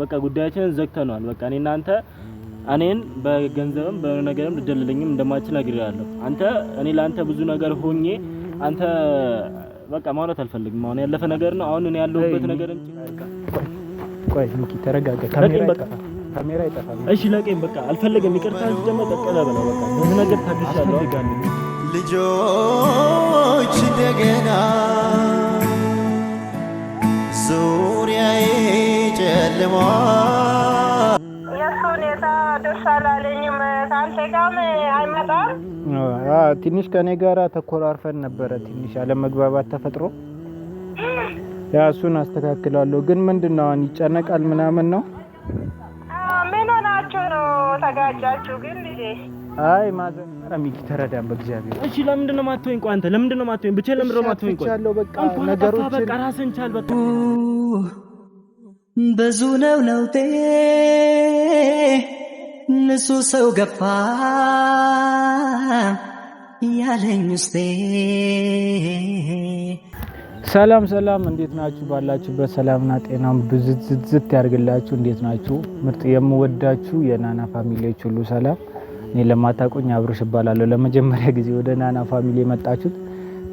በቃ ጉዳያችንን ዘግተነዋል። በቃ እኔ እናንተ እኔን በገንዘብም በነገርም ልደልልኝም እንደማችን ነግሬሃለሁ። አንተ እኔ ለአንተ ብዙ ነገር ሆኜ አንተ በቃ ማውራት አልፈልግም። አሁን ያለፈ ነገር ነው። አሁን እኔ ያለሁበት ነገር ቆይ፣ ሚኪ ተረጋጋ። ካሜራ ይጠፋል፣ ካሜራ ይጠፋል። እሺ ለቀኝ፣ በቃ አልፈልግም። ይቅርታ ደመ ጠቀለ በለ በቃ ብዙ ነገር ታግሻለሁ። ልጆች እንደገና ዙሪያዬ ሸልሞ ትንሽ ከኔ ጋር ተኮራርፈን ነበረ። ትንሽ አለመግባባት ተፈጥሮ ያ እሱን አስተካክላለሁ። ግን ምንድን ነው አሁን ይጨነቃል ምናምን ነው። ምን ሆናችሁ ነው ተጋጫችሁ? ግን አይ ማዘመራ ሚኪ ተረዳን፣ በእግዚአብሔር እሺ። ለምንድን ነው ማትወኝ? ቆይ አንተ ለምንድን ነው ማትወኝ? ብቻ ለምንድን ነው ማትወኝ? ቆይ ነገሮችን በቃ ራስን ቻል በቃ ብዙ ነው ለውጤ ንሱ ሰው ገፋ ያለኝ ውስጤ። ሰላም ሰላም፣ እንዴት ናችሁ? ባላችሁበት ሰላምና ጤናም ብዝዝዝት ያርግላችሁ እንዴት ናችሁ? ምርጥ የምወዳችሁ የናና ፋሚሊዎች ሁሉ ሰላም። እኔ ለማታውቁኝ አብርሽ እባላለሁ። ለመጀመሪያ ጊዜ ወደ ናና ፋሚሊ የመጣችሁት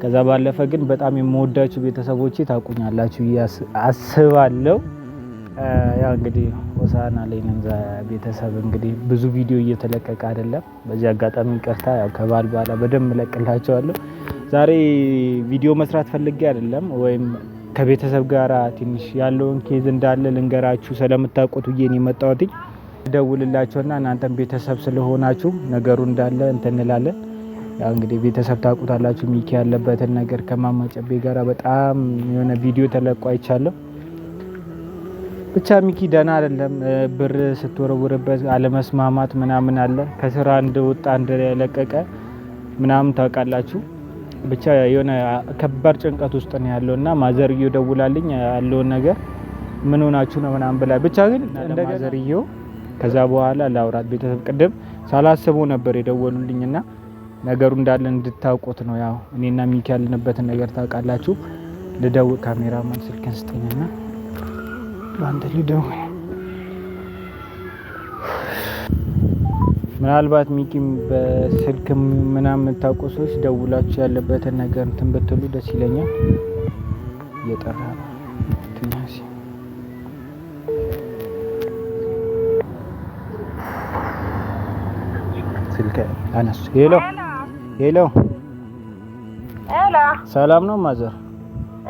ከዛ ባለፈ ግን በጣም የምወዳችሁ ቤተሰቦቼ ታቁኛላችሁ አስባለሁ። ያው እንግዲህ ሆሳና ላይ ቤተሰብ እንግዲህ ብዙ ቪዲዮ እየተለቀቀ አይደለም። በዚህ አጋጣሚ ቀርታ ያው ከበዓል በኋላ በደንብ እለቅላቸዋለሁ። ዛሬ ቪዲዮ መስራት ፈልጌ አይደለም፣ ወይም ከቤተሰብ ጋር ትንሽ ያለውን ኬዝ እንዳለ ልንገራችሁ ስለምታውቁት ብዬ ነው የመጣሁት። ደውልላቸውና እናንተም ቤተሰብ ስለሆናችሁ ነገሩ እንዳለ እንትንላለን። ያው እንግዲህ ቤተሰብ ታውቁታላችሁ። ሚኪ ያለበትን ነገር ከማማጨቤ ጋራ በጣም የሆነ ቪዲዮ ተለቆ አይቻለሁ። ብቻ ሚኪ ደህና አይደለም። ብር ስትወረውርበት አለመስማማት ምናምን አለ። ከስራ እንደወጣ እንደለቀቀ ምናምን ታውቃላችሁ። ብቻ የሆነ ከባድ ጭንቀት ውስጥ ነው ያለው እና ማዘርዮ ደውላልኝ ያለውን ነገር ምን ሆናችሁ ነው ምናምን ብላ ብቻ ግን እንደማዘርዮ ማዘርዮ ከዛ በኋላ ለአውራት ቤተሰብ ቅድም ሳላስበው ነበር የደወሉልኝ እና ነገሩ እንዳለ እንድታውቁት ነው። ያው እኔና ሚኪ ያለንበትን ነገር ታውቃላችሁ። ልደውል ካሜራማን ስልክን ስጠኝና ለአንተ ልደውል። ምናልባት ሚኪም በስልክ ምናምን የምታውቁ ሰዎች ደውላችሁ ያለበትን ነገር እንትን ብትሉ ደስ ይለኛል። እየጠራ ነው። አነሱ። ሄሎ ሄሎ፣ ሰላም ነው ማዘር?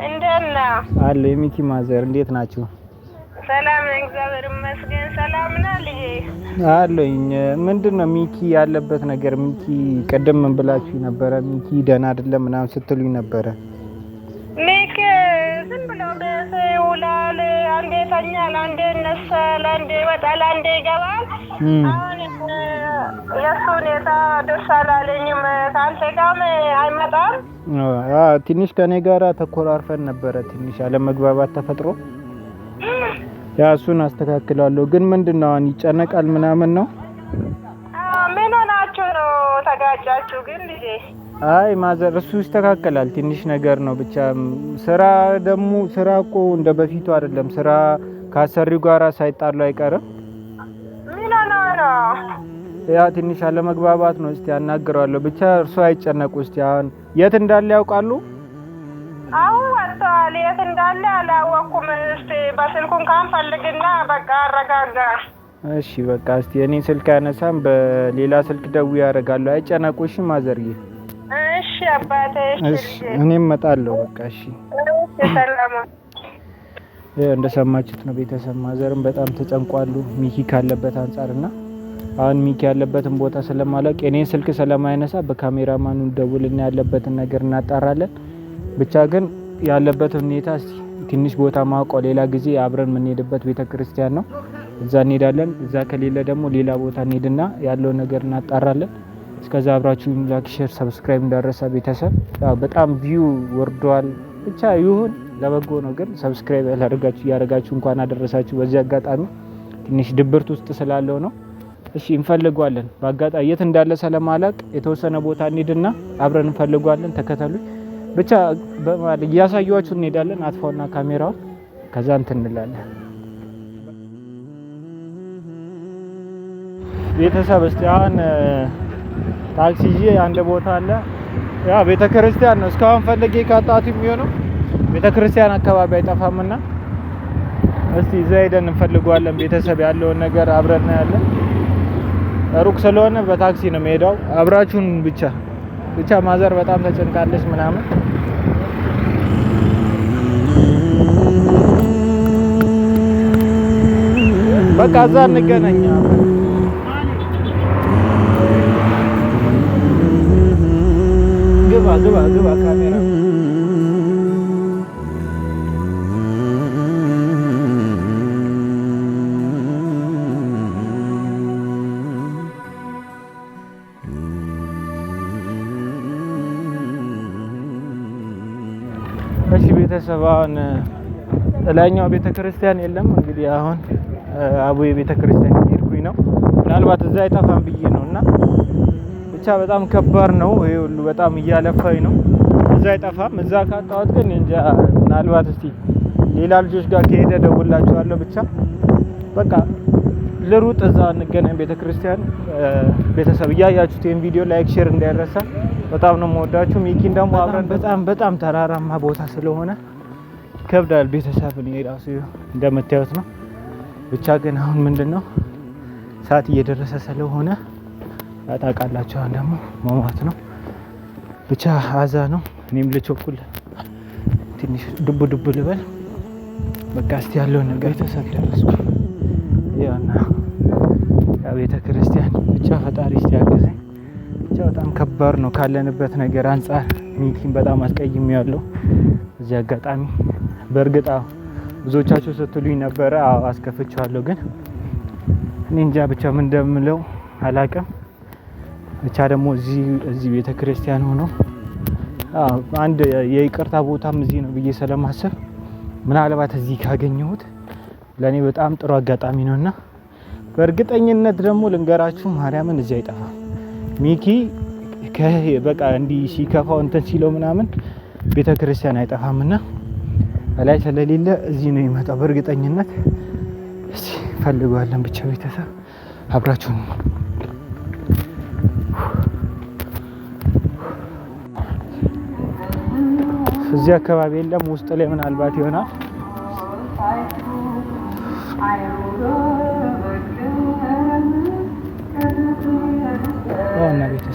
እንዴት ነው አለ የሚኪ ማዘር፣ እንዴት ናችሁ? ሰላም እግዚአብሔር ይመስገን። ሰላም ነህ ልጄ? አለኝ። ምንድን ነው ሚኪ ያለበት ነገር? ሚኪ ቅድም ምን ብላችሁ ነበረ? ሚኪ ደህና አይደለም ምናምን ስትሉኝ ነበረ። ሚኪ ዝም ብሎ ቤት ይውላል። አንዴ ተኛል፣ አንዴ ይነሳል፣ አንዴ ይወጣል፣ አንዴ ይገባል። አሁን የእሱ ሁኔታ ደስ አላለኝም። ከአንተ ጋርም አይመጣም። ትንሽ ከኔ ጋራ ተኮራርፈን ነበረ። ትንሽ አለመግባባት ተፈጥሮ ያሱን አስተካክላለሁ። ግን ምንድነው አሁን ይጨነቃል ምናምን ነው? ምን ሆናችሁ ነው ተጋጫችሁ? ግን ልጄ አይ ማዘር፣ እሱ ይስተካከላል። ትንሽ ነገር ነው ብቻ። ስራ ደግሞ ስራ እኮ እንደ በፊቱ አይደለም። ስራ ከአሰሪው ጋራ ሳይጣሉ አይቀርም። ምን ሆነው ነው? ያ ትንሽ አለመግባባት ነው። እስቲ አናግረዋለሁ ብቻ። እርሱ አይጨነቁ። እስቲ አሁን የት እንዳለ ያውቃሉ? አሁን ወጥተዋል። የት እንዳለ አላወቅኩም። እስቲ በስልኩን ካን ፈልግና በቃ አረጋጋ። እሺ በቃ እስቲ እኔ ስልክ ያነሳም በሌላ ስልክ ደው ያደርጋለሁ። አይጨነቁሽ ማዘርዬ። እሺ አባቴ። እሺ እኔም እመጣለሁ። በቃ እሺ። ሰላም እንደሰማችሁት ነው ቤተሰብ። ማዘርም በጣም ተጨንቋሉ ሚኪ ካለበት አንጻርና አሁን ሚኪ ያለበትን ቦታ ስለማላውቅ እኔ ስልክ ስለማይነሳ በካሜራማኑ ደውልና ያለበትን ነገር እናጣራለን። ብቻ ግን ያለበት ሁኔታ ትንሽ ቦታ ማውቀው ሌላ ጊዜ አብረን የምንሄድበት ቤተ ክርስቲያን ነው። እዛ እንሄዳለን። እዛ ከሌለ ደግሞ ሌላ ቦታ እንሄድና ያለውን ነገር እናጣራለን። እስከዛ አብራችሁ ላይክ፣ ሼር፣ ሰብስክራይብ እንዳረሰ ቤተሰብ በጣም ቪው ወርደዋል። ብቻ ይሁን ለበጎ ነው። ግን ሰብስክራይብ ያላደረጋችሁ እያደረጋችሁ እንኳን አደረሳችሁ። በዚህ አጋጣሚ ትንሽ ድብርት ውስጥ ስላለው ነው። እሺ እንፈልጓለን። በአጋጣሚ የት እንዳለ ስለማላቅ የተወሰነ ቦታ እንሄድና አብረን እንፈልጓለን። ተከተሉኝ። ብቻ በማለ እያሳየኋችሁ እንሄዳለን። አጥፋውና ካሜራው ከዛ እንትን እንላለን። ቤተሰብ እስቲ አሁን ታክሲ ይዤ አንድ ቦታ አለ፣ ያ ቤተክርስቲያን ነው። እስካሁን ፈልጌ ካጣሁት የሚሆነው ቤተክርስቲያን አካባቢ አይጠፋምና እስቲ እዛ ሄደን እንፈልገዋለን። ቤተሰብ ያለውን ነገር አብረን እናያለን። ሩቅ ስለሆነ በታክሲ ነው የምሄደው። አብራችሁን ብቻ ብቻ ማዘር በጣም ተጨንቃለች ምናምን በቃ እዛ እንገናኛ ግባ ግባ ግባ ካሜራ ቤተሰብ አሁን ላይኛው ቤተክርስቲያን የለም። እንግዲህ አሁን አቡዬ ቤተክርስቲያን ሄድኩኝ ነው ምናልባት እዛ አይጠፋም ብዬ ነው እና ብቻ በጣም ከባድ ነው ይሄ ሁሉ በጣም እያለፋኝ ነው። እዛ አይጠፋም። እዛ ካጣሁት ግን እንጃ ምናልባት እስቲ ሌላ ልጆች ጋር ከሄደ ደውላችኋለሁ። ብቻ በቃ ልሩጥ፣ እዛ እንገናኝ ቤተክርስቲያን። ክርስቲያን። ቤተሰብ እያያችሁት ይህን ቪዲዮ ላይክ፣ ሼር እንዳይረሳ። በጣም ነው የምወዳችሁ። ሚኪን ደግሞ አብረን በጣም በጣም ተራራማ ቦታ ስለሆነ ይከብዳል። ቤተሰብ እኔ ራሱ እንደምታዩት ነው። ብቻ ግን አሁን ምንድን ነው ሰዓት እየደረሰ ስለሆነ ታውቃላችሁ፣ ደግሞ መሟት ነው። ብቻ አዛ ነው። እኔም ልቸኩል ትንሽ ዱቡ ዱቡ ልበል። በቃ እስቲ ያለውን ነገር ቤተሰብ ደረስኩ ያና ቤተ ክርስቲያን ብቻ ፈጣሪ ሲያግዘኝ ብቻ በጣም ከባድ ነው ካለንበት ነገር አንጻር። ሚኪን በጣም አስቀይም ያለው እዚህ አጋጣሚ በእርግጥ ብዙዎቻችሁ ስትሉኝ ነበረ አስከፍቸዋለሁ ግን እኔ እንጃ ብቻ ምን እንደምለው አላቅም። ብቻ ደግሞ እዚህ ቤተ ክርስቲያን ሆኖ አንድ የይቅርታ ቦታም እዚህ ነው ብዬ ስለማስብ ምናልባት እዚህ ካገኘሁት ለእኔ በጣም ጥሩ አጋጣሚ ነውና በእርግጠኝነት ደግሞ ልንገራችሁ ማርያምን እዚህ አይጠፋም። ሚኪ በቃ እንዲህ ሲከፋው እንትን ሲለው ምናምን ቤተ ክርስቲያን አይጠፋምና እላይ ስለሌለ እዚህ ነው የመጣው በእርግጠኝነት። እስቲ ፈልገዋለን ብቻ ቤተሰብ አብራችሁን እዚህ አካባቢ የለም። ውስጥ ላይ ምናልባት ይሆናል Oh, O anlamda.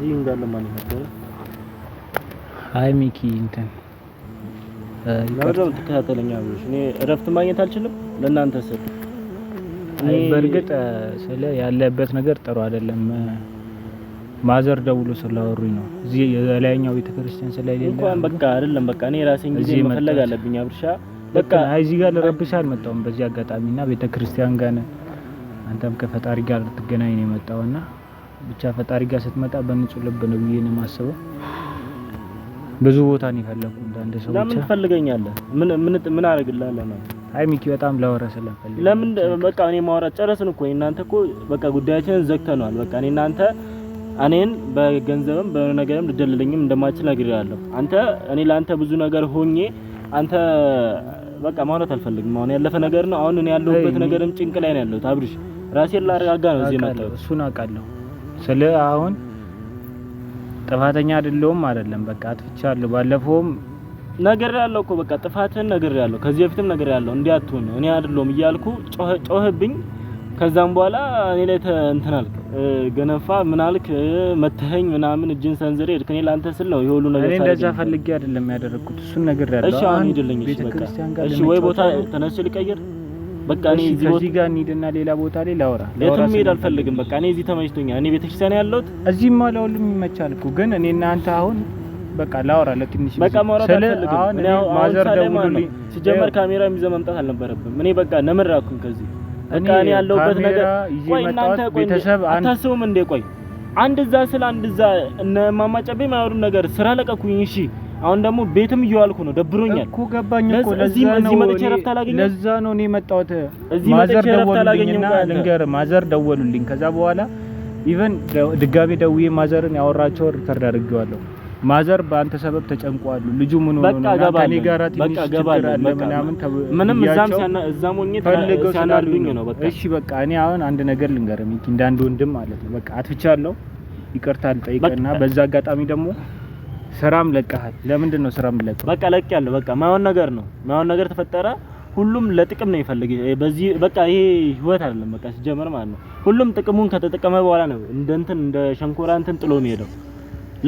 እዚህ እንዳለ ማን ይመስላል? አይ ሚኪ እንትን ለምን ትከታተለኛ ብለሽ እኔ እረፍት ማግኘት አልችልም ለእናንተ ስል። እኔ በእርግጥ ስለ ያለበት ነገር ጥሩ አይደለም። ማዘር ደውሎ ስላወሩኝ ነው እዚህ የላይኛው ቤተክርስቲያን ስለሌለ እንኳን በቃ አይደለም በቃ እኔ ራሴን ጊዜ መፈለግ አለብኝ። አብርሻ በቃ አይ እዚህ ጋር ልረብሽ አልመጣሁም። በዚህ አጋጣሚና ቤተክርስቲያን ጋር አንተም ከፈጣሪ ጋር ልትገናኝ ነው የመጣውና ብቻ ፈጣሪ ጋር ስትመጣ በንጹህ ልብ ነው ብዬ ነው የማስበው። ብዙ ቦታ ነው የፈለኩ እንዳንድ ሰው ብቻ ለምን ትፈልገኛለህ? ምን ምን ምን አደርግልሃለሁ ነው? አይ ሚኪ በጣም ላወራ ስለፈለኩ ለምን በቃ እኔ ማውራት ጨረስን እኮ እናንተ እኮ በቃ ጉዳያችንን ዘግተነዋል። በቃ እኔ እናንተ እኔን በገንዘብም በነገርም ልደልልኝም እንደማችል ነግሬሃለሁ። አንተ እኔ ለአንተ ብዙ ነገር ሆኜ አንተ በቃ ማውራት አልፈልግም። አሁን ያለፈ ነገር ነው። አሁን እኔ ያለሁበት ነገርም ጭንቅ ላይ ነው ያለሁት። አብርሽ ራሴን ላረጋጋ ነው እዚህ መጣሁ። እሱን አውቃለሁ ስለ አሁን ጥፋተኛ አይደለሁም አይደለም፣ በቃ አጥፍቻለሁ። ባለፈውም ነገር ያለው እኮ በቃ ጥፋትን ነገር ያለው ከዚህ በፊትም ነገር ያለው እንዲህ አትሁን እኔ አይደለሁም እያልኩ ጮህብኝ። ከዛም በኋላ እኔ ላይ እንትን አልክ፣ ገነፋ ምናልክ፣ መተኸኝ ምናምን እጅን ሰንዝሬ ሄድክ። እኔ ላንተ ስል ነው የሁሉ ነገር። እኔ እንደዛ ፈልጌ አይደለም ያደረኩት፣ እሱን ነገር ያለው። እሺ አሁን ሂድልኝ። እሺ በቃ እሺ፣ ወይ ቦታ ተነስቼ ልቀይር በቃ እኔ እዚህ ከዚህ ጋር እንሂድና ሌላ ቦታ ላይ ላውራ። የትም መሄድ አልፈልግም። በቃ እኔ እዚህ ተመችቶኛል። እኔ ቤተክርስቲያን ያለሁት እዚህ ማ ለሁሉም ይመቻል እኮ ግን እኔ አንተ አሁን በቃ ላውራ ለትንሽ በቃ ማውራት አልፈልግም። እኔ ማዘር ደውሉልኝ። ሲጀመር ካሜራ ይዘህ መምጣት አልነበረብም። እኔ በቃ ነምር ከዚህ በቃ እኔ ያለሁበት ነገር ቆይ፣ እናንተ ቆይ፣ አታስቡም እንዴ? ቆይ አንድ እዛ ስለ አንድ እዛ እነ ማማጨቤ የማያወሩን ነገር ስራ ለቀኩኝ። እሺ አሁን ደግሞ ቤትም እየዋልኩ ነው፣ ደብሮኛል እኮ ገባኝ እኮ ለዚህ እዚህ መጥቼ እረፍት አላገኘም። ለዛ ነው እኔ መጣሁት። እዚህ ማዘር ደወሉልኝና ልንገር፣ ማዘር ደወሉልኝ። ከዛ በኋላ ኢቨን ድጋሜ ደውዬ ማዘርን ያወራቸው ሪከርድ አድርጌዋለሁ። ማዘር በአንተ ሰበብ ተጨንቋሉ። ልጁ ምን ሆኖ ነው ከኔ ጋር ትንሽ ችግር አለ ምንም እዛም ሲያና እዛም ሆኜ ሲያናርዱኝ ነው በቃ። እሺ በቃ እኔ አሁን አንድ ነገር ልንገርህ ሚኪ፣ እንዳንድ ወንድም ማለት ነው በቃ አትፍቻለሁ፣ ይቅርታ ልጠይቅና በዛ አጋጣሚ ደግሞ ስራም ለቀሃል። ለምንድን ነው ስራም ለቀ? በቃ ለቅ ያለው በቃ ማይሆን ነገር ነው ማይሆን ነገር ተፈጠረ። ሁሉም ለጥቅም ነው የፈለገ። በዚህ በቃ ይሄ ህይወት አይደለም በቃ ሲጀመር ማለት ነው። ሁሉም ጥቅሙን ከተጠቀመ በኋላ ነው እንደ እንትን እንደ ሸንኮራ እንትን ጥሎ የሚሄደው።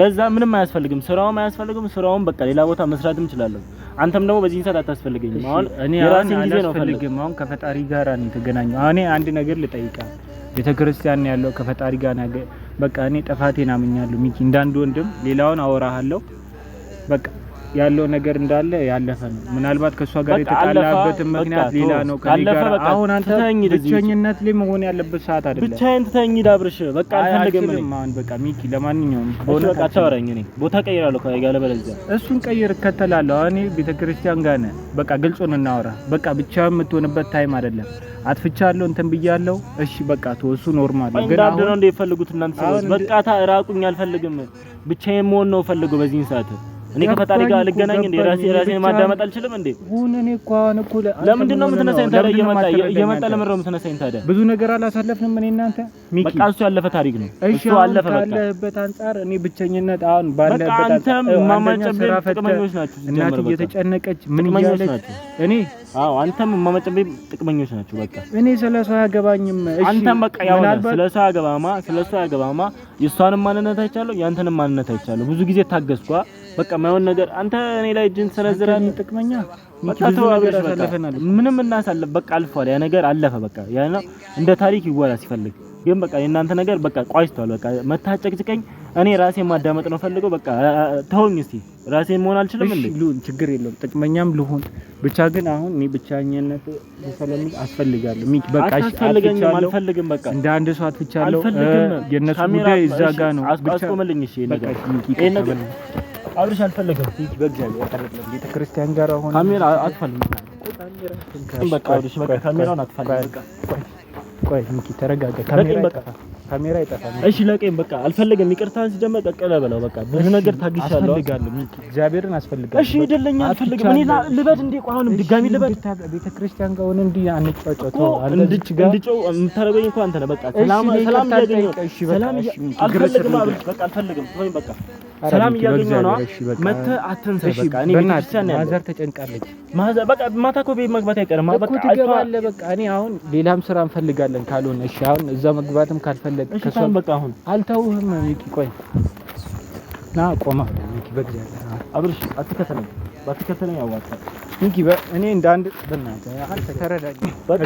ለዛ ምንም አያስፈልግም፣ ስራውም አያስፈልግም። ስራውም በቃ ሌላ ቦታ መስራትም እችላለሁ። አንተም ደግሞ በዚህ ሰዓት አታስፈልገኝም። አሁን እኔ ራሴን ጊዜ ነው ፈልግም። አሁን ከፈጣሪ ጋር ነው የተገናኘው። እኔ አንድ ነገር ልጠይቃ ቤተክርስቲያን ያለው ከፈጣሪ ጋር ነገር በቃ እኔ ጥፋቴን አምኛለሁ ሚኪ፣ እንዳንድ ወንድም ሌላውን አወራሃለሁ። በቃ ያለው ነገር እንዳለ ያለፈ ነው። ምናልባት ከእሷ ጋር የተጣላበት ምክንያት ሌላ ነው። አሁን አንተ ብቸኝነት ላይ መሆን ያለበት ሰዓት አይደለም። ብቻዬን ትተኝ ዳብርሽ፣ በቃ አልፈልግም። አሁን በቃ ሚኪ፣ ለማንኛውም በቃ አታወራኝ። እኔ ቦታ ቀይራለሁ ጋር ለበለዚያ፣ እሱን ቀይር፣ እከተላለሁ። እኔ ቤተክርስቲያን ጋር ነህ። በቃ ግልጹን እናወራ። በቃ ብቻ የምትሆንበት ታይም አይደለም። አጥፍቻለሁ እንትን ብያለሁ። እሺ በቃ ተወሱ ኖርማል ነው። ግን አሁን እንደፈለጉት እናንተ ሰዎች ታ ራቁኝ፣ አልፈልግም ብቻዬን መሆን ነው ፈልገው በዚህን ሰዓት እኔ ከፈጣሪ ጋር ልገናኝ እንዴ? ራሴ ራሴን ማዳመጥ አልችልም እንዴ? ሁን እኔ እኮ አሁን እኮ ለምንድን ነው የምትነሳኝ ታዲያ? እየመጣ እየመጣ ለምን ነው የምትነሳኝ ታዲያ? ብዙ ነገር አላሳለፍንም እኔ እናንተ ሚኪ። በቃ እሱ ያለፈ ታሪክ ነው። እሱ አለፈ። በቃ ካለህበት አንጻር እኔ ብቸኝነት አሁን ባለበት አንጻር አንተም ማማጨብ ጥቅመኞች ናችሁ። እናት እየተጨነቀች ምን እያለች እኔ አዎ አንተም ማማጨብህ ጥቅመኞች ናችሁ። በቃ እኔ ስለ እሷ አያገባኝም። እሺ አንተም በቃ ያው ስለ እሷ አያገባማ፣ ስለ እሷ አያገባማ። የእሷንም ማንነት አይቻለሁ፣ ያንተንም ማንነት አይቻለሁ። ብዙ ጊዜ ታገስኳ በቃ ማየውን ነገር አንተ እኔ ላይ እጅን ሰነዝራን ጥቅመኛ መጣተው አብረሽ አሳልፈናል። ምንም እናሳልፍ በቃ አልፏል። ያ ነገር አለፈ። በቃ ያ እንደ ታሪክ ይወራ ሲፈልግ ግን በቃ የእናንተ ነገር በቃ ቋጭቷል። በቃ መታጨቅጭቀኝ እኔ ራሴን ማዳመጥ ነው ፈልገው በቃ ተውኝ። እስቲ ራሴን መሆን አልችልም እንዴ? ሉን ችግር የለውም ጥቅመኛም ልሆን ብቻ ግን አሁን እኔ ብቻኝነት ስለሚ አስፈልጋለሁ። ሚክ በቃ አስፈልገኝም አልፈልግም። በቃ እንደ አንድ ሰው አትፍቻለሁ። የነሱ ጉዳይ እዛ ጋ ነው። አስቆመልኝ። እሺ ይሄ ነገር አብርሽ አልፈለገም። ቤተ ክርስቲያን ጋር አሁን ካሜራ አትፈልግም። በቃ አብርሽ በቃ ካሜራውን አትፈልግም። ቆይ ቆይ፣ እንኪ ተረጋጋ። ካሜራ ካሜራ ይጠፋል። እሺ ለቀኝ በቃ አልፈለገም። ይቅርታን ሲጀመር ቀቀለ በለው በቃ ብዙ ነገር ታግሻለሁ። አስፈልጋለሁ እግዚአብሔርን አስፈልጋለሁ። እሺ ይደለኛ አልፈልግም። እኔ ልበድ እንዴ? ቆይ አሁንም ድጋሚ ልበድ? ቤተ ክርስቲያን ጋር ሆነን እንዲህ አንጫጫቸው። እንድች ጋር እንድጮ የምታደርገኝ እንኳን አንተ ነህ። በቃ ሰላም ሰላም ያገኘው ሰላም። እሺ በቃ አልፈልግም። አብርሽ በቃ አልፈልግም። ቆይ በቃ ሰላም እያገኘ ነው። መተህ አትንሰሽ። በቃ እኔ ማዘር ተጨንቃለች። ማዘር በቃ ማታ እኮ ቤት መግባት አይቀርም። በቃ ትገባለህ። በቃ እኔ አሁን ሌላም ስራ እንፈልጋለን። ካልሆነ እሺ፣ አሁን እዛ መግባትም ካልፈለግ እሺ። በቃ አሁን አልተውህም። ሚኪ ቆይ ና ቆማ። ሚኪ በግዛት አብርሽ፣ አትከተለኝ። ባትከተለኝ ያዋጣል። እንኪ እኔ እንደ አንድ በእናትህ አንተ ተረዳኝ። በቃ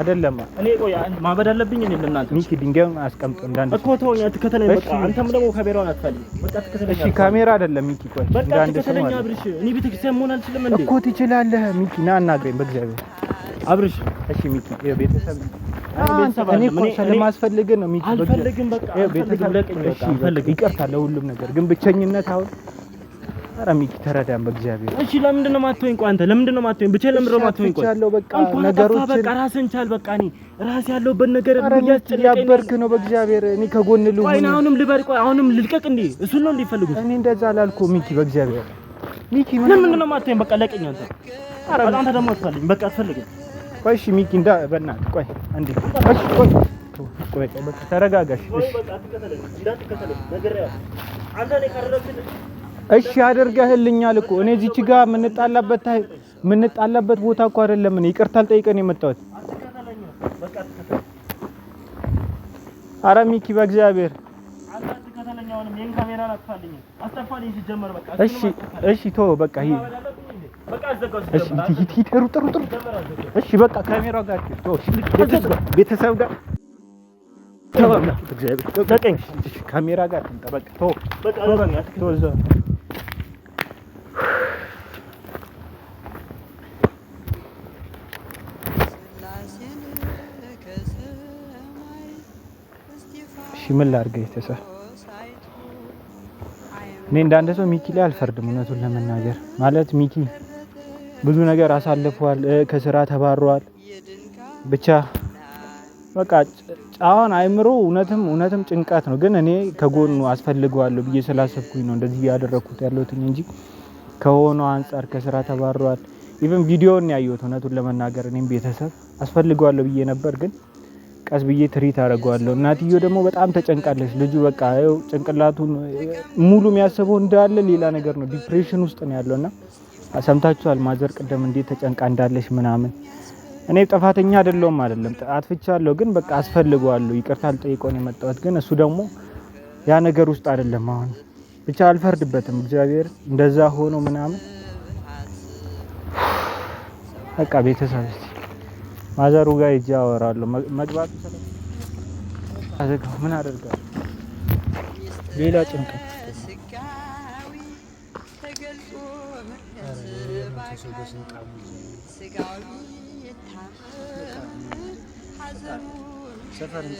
አይደለም እኔ ቆይ ማበድ አለብኝ። እኔ ለእናንተ ሚኪ ድንጋይ አስቀምጥ እንዳንድ እኮ ተወኝ፣ አትከተለኝ። በቃ አንተም ደግሞ ካሜራውን አትፈልግ። በቃ አትከተለኝ። እሺ ካሜራ አይደለም ሚኪ፣ ቆይ እንደ አንድ ተከተለኝ። አብርሽ እኔ ቤተክርስቲያን መሆን አልችልም እንዴ? እኮ ትችላለህ ሚኪ፣ ና አናግረኝ በእግዚአብሔር አብርሽ። እሺ ሚኪ ቤተሰብ እኔ ነው ሚኪ። በቃ ይቅርታ ለሁሉም ነገር ግን ብቸኝነት አሁን አረ ሚኪ ተረዳን፣ በእግዚአብሔር እሺ። ለምንድን ነው የማትሆኝ? ቆይ አንተ ለምንድን ነው የማትሆኝ? ብቻ ለምንድን ነው የማትሆኝ? ቆይ በቃ ራስህን ቻል። በቃ እኔ ራስህ ያለሁበት ነገር እያበርክ ነው። በእግዚአብሔር እኔ ከጎን ልሁን። ቆይ አሁንም ልበር፣ ቆይ አሁንም ልልቀቅ እንዴ? እሱን ነው እንዲፈልጉት። እኔ እንደዛ አላልኩም ሚኪ፣ በእግዚአብሔር ሚኪ። ለምንድን ነው የማትሆኝ? በቃ ለቀኝ አንተ። ኧረ አንተ ደግሞ አትፈልግም፣ በቃ አትፈልግም። ቆይ እሺ ሚኪ፣ እንዳ በእናትህ ቆይ፣ እንዴ እሺ፣ ቆይ ቆይ ተረጋጋሽ። እሺ አንተ ነው ካደረግህ እሺ አድርገህልኛል እኮ እኔ እዚች ጋ የምንጣላበት የምንጣላበት ቦታ እኮ አይደለም። እኔ ይቅርታል ጠይቀን የመጣሁት ኧረ ሚኪ በእግዚአብሔር እሺ፣ እሺ ቶ በቃ ይሄ እሺ፣ በቃ ካሜራው ጋር ቤተሰብ ጋር ካሜራ ጋር ተው በቃ እሺ ምን ላድርግ? ቤተሰብ እኔ እንዳንድ ሰው ሚኪ ላይ አልፈርድም። እውነቱን ለመናገር ማለት ሚኪ ብዙ ነገር አሳልፏል፣ ከስራ ተባሯል። ብቻ በቃ ጫዋን አይምሮ እውነትም እውነትም ጭንቀት ነው። ግን እኔ ከጎኑ አስፈልገዋለሁ ብዬ ስላሰብኩኝ ነው እንደዚህ ያደረኩት ያለሁትኝ እንጂ ከሆነው አንጻር ከስራ ተባሯል። ኢቨን ቪዲዮን ያየሁት እውነቱን ለመናገር እኔም ቤተሰብ አስፈልገዋለሁ ብዬ ነበር ግን ቀስ ብዬ ትሪት አደርገዋለሁ። እናትዮ ደግሞ በጣም ተጨንቃለች። ልጁ በቃ ይኸው ጭንቅላቱን ሙሉ የሚያስበው እንዳለ ሌላ ነገር ነው፣ ዲፕሬሽን ውስጥ ነው ያለው እና ሰምታችኋል። ማዘር ቅደም እንዴት ተጨንቃ እንዳለች ምናምን። እኔ ጥፋተኛ አይደለሁም አይደለም፣ አጥፍቻለሁ፣ ግን በቃ አስፈልገዋለሁ። ይቅርታ ልጠይቀው ነው የመጣሁት። ግን እሱ ደግሞ ያ ነገር ውስጥ አይደለም። አሁን ብቻ አልፈርድበትም። እግዚአብሔር እንደዛ ሆኖ ምናምን በቃ ቤተሰብ ማዘሩ ጋር ሂጅ አወራለሁ። መግባቱ ምን አደርጋለሁ? ሌላ ጭንቀት ሰፈርን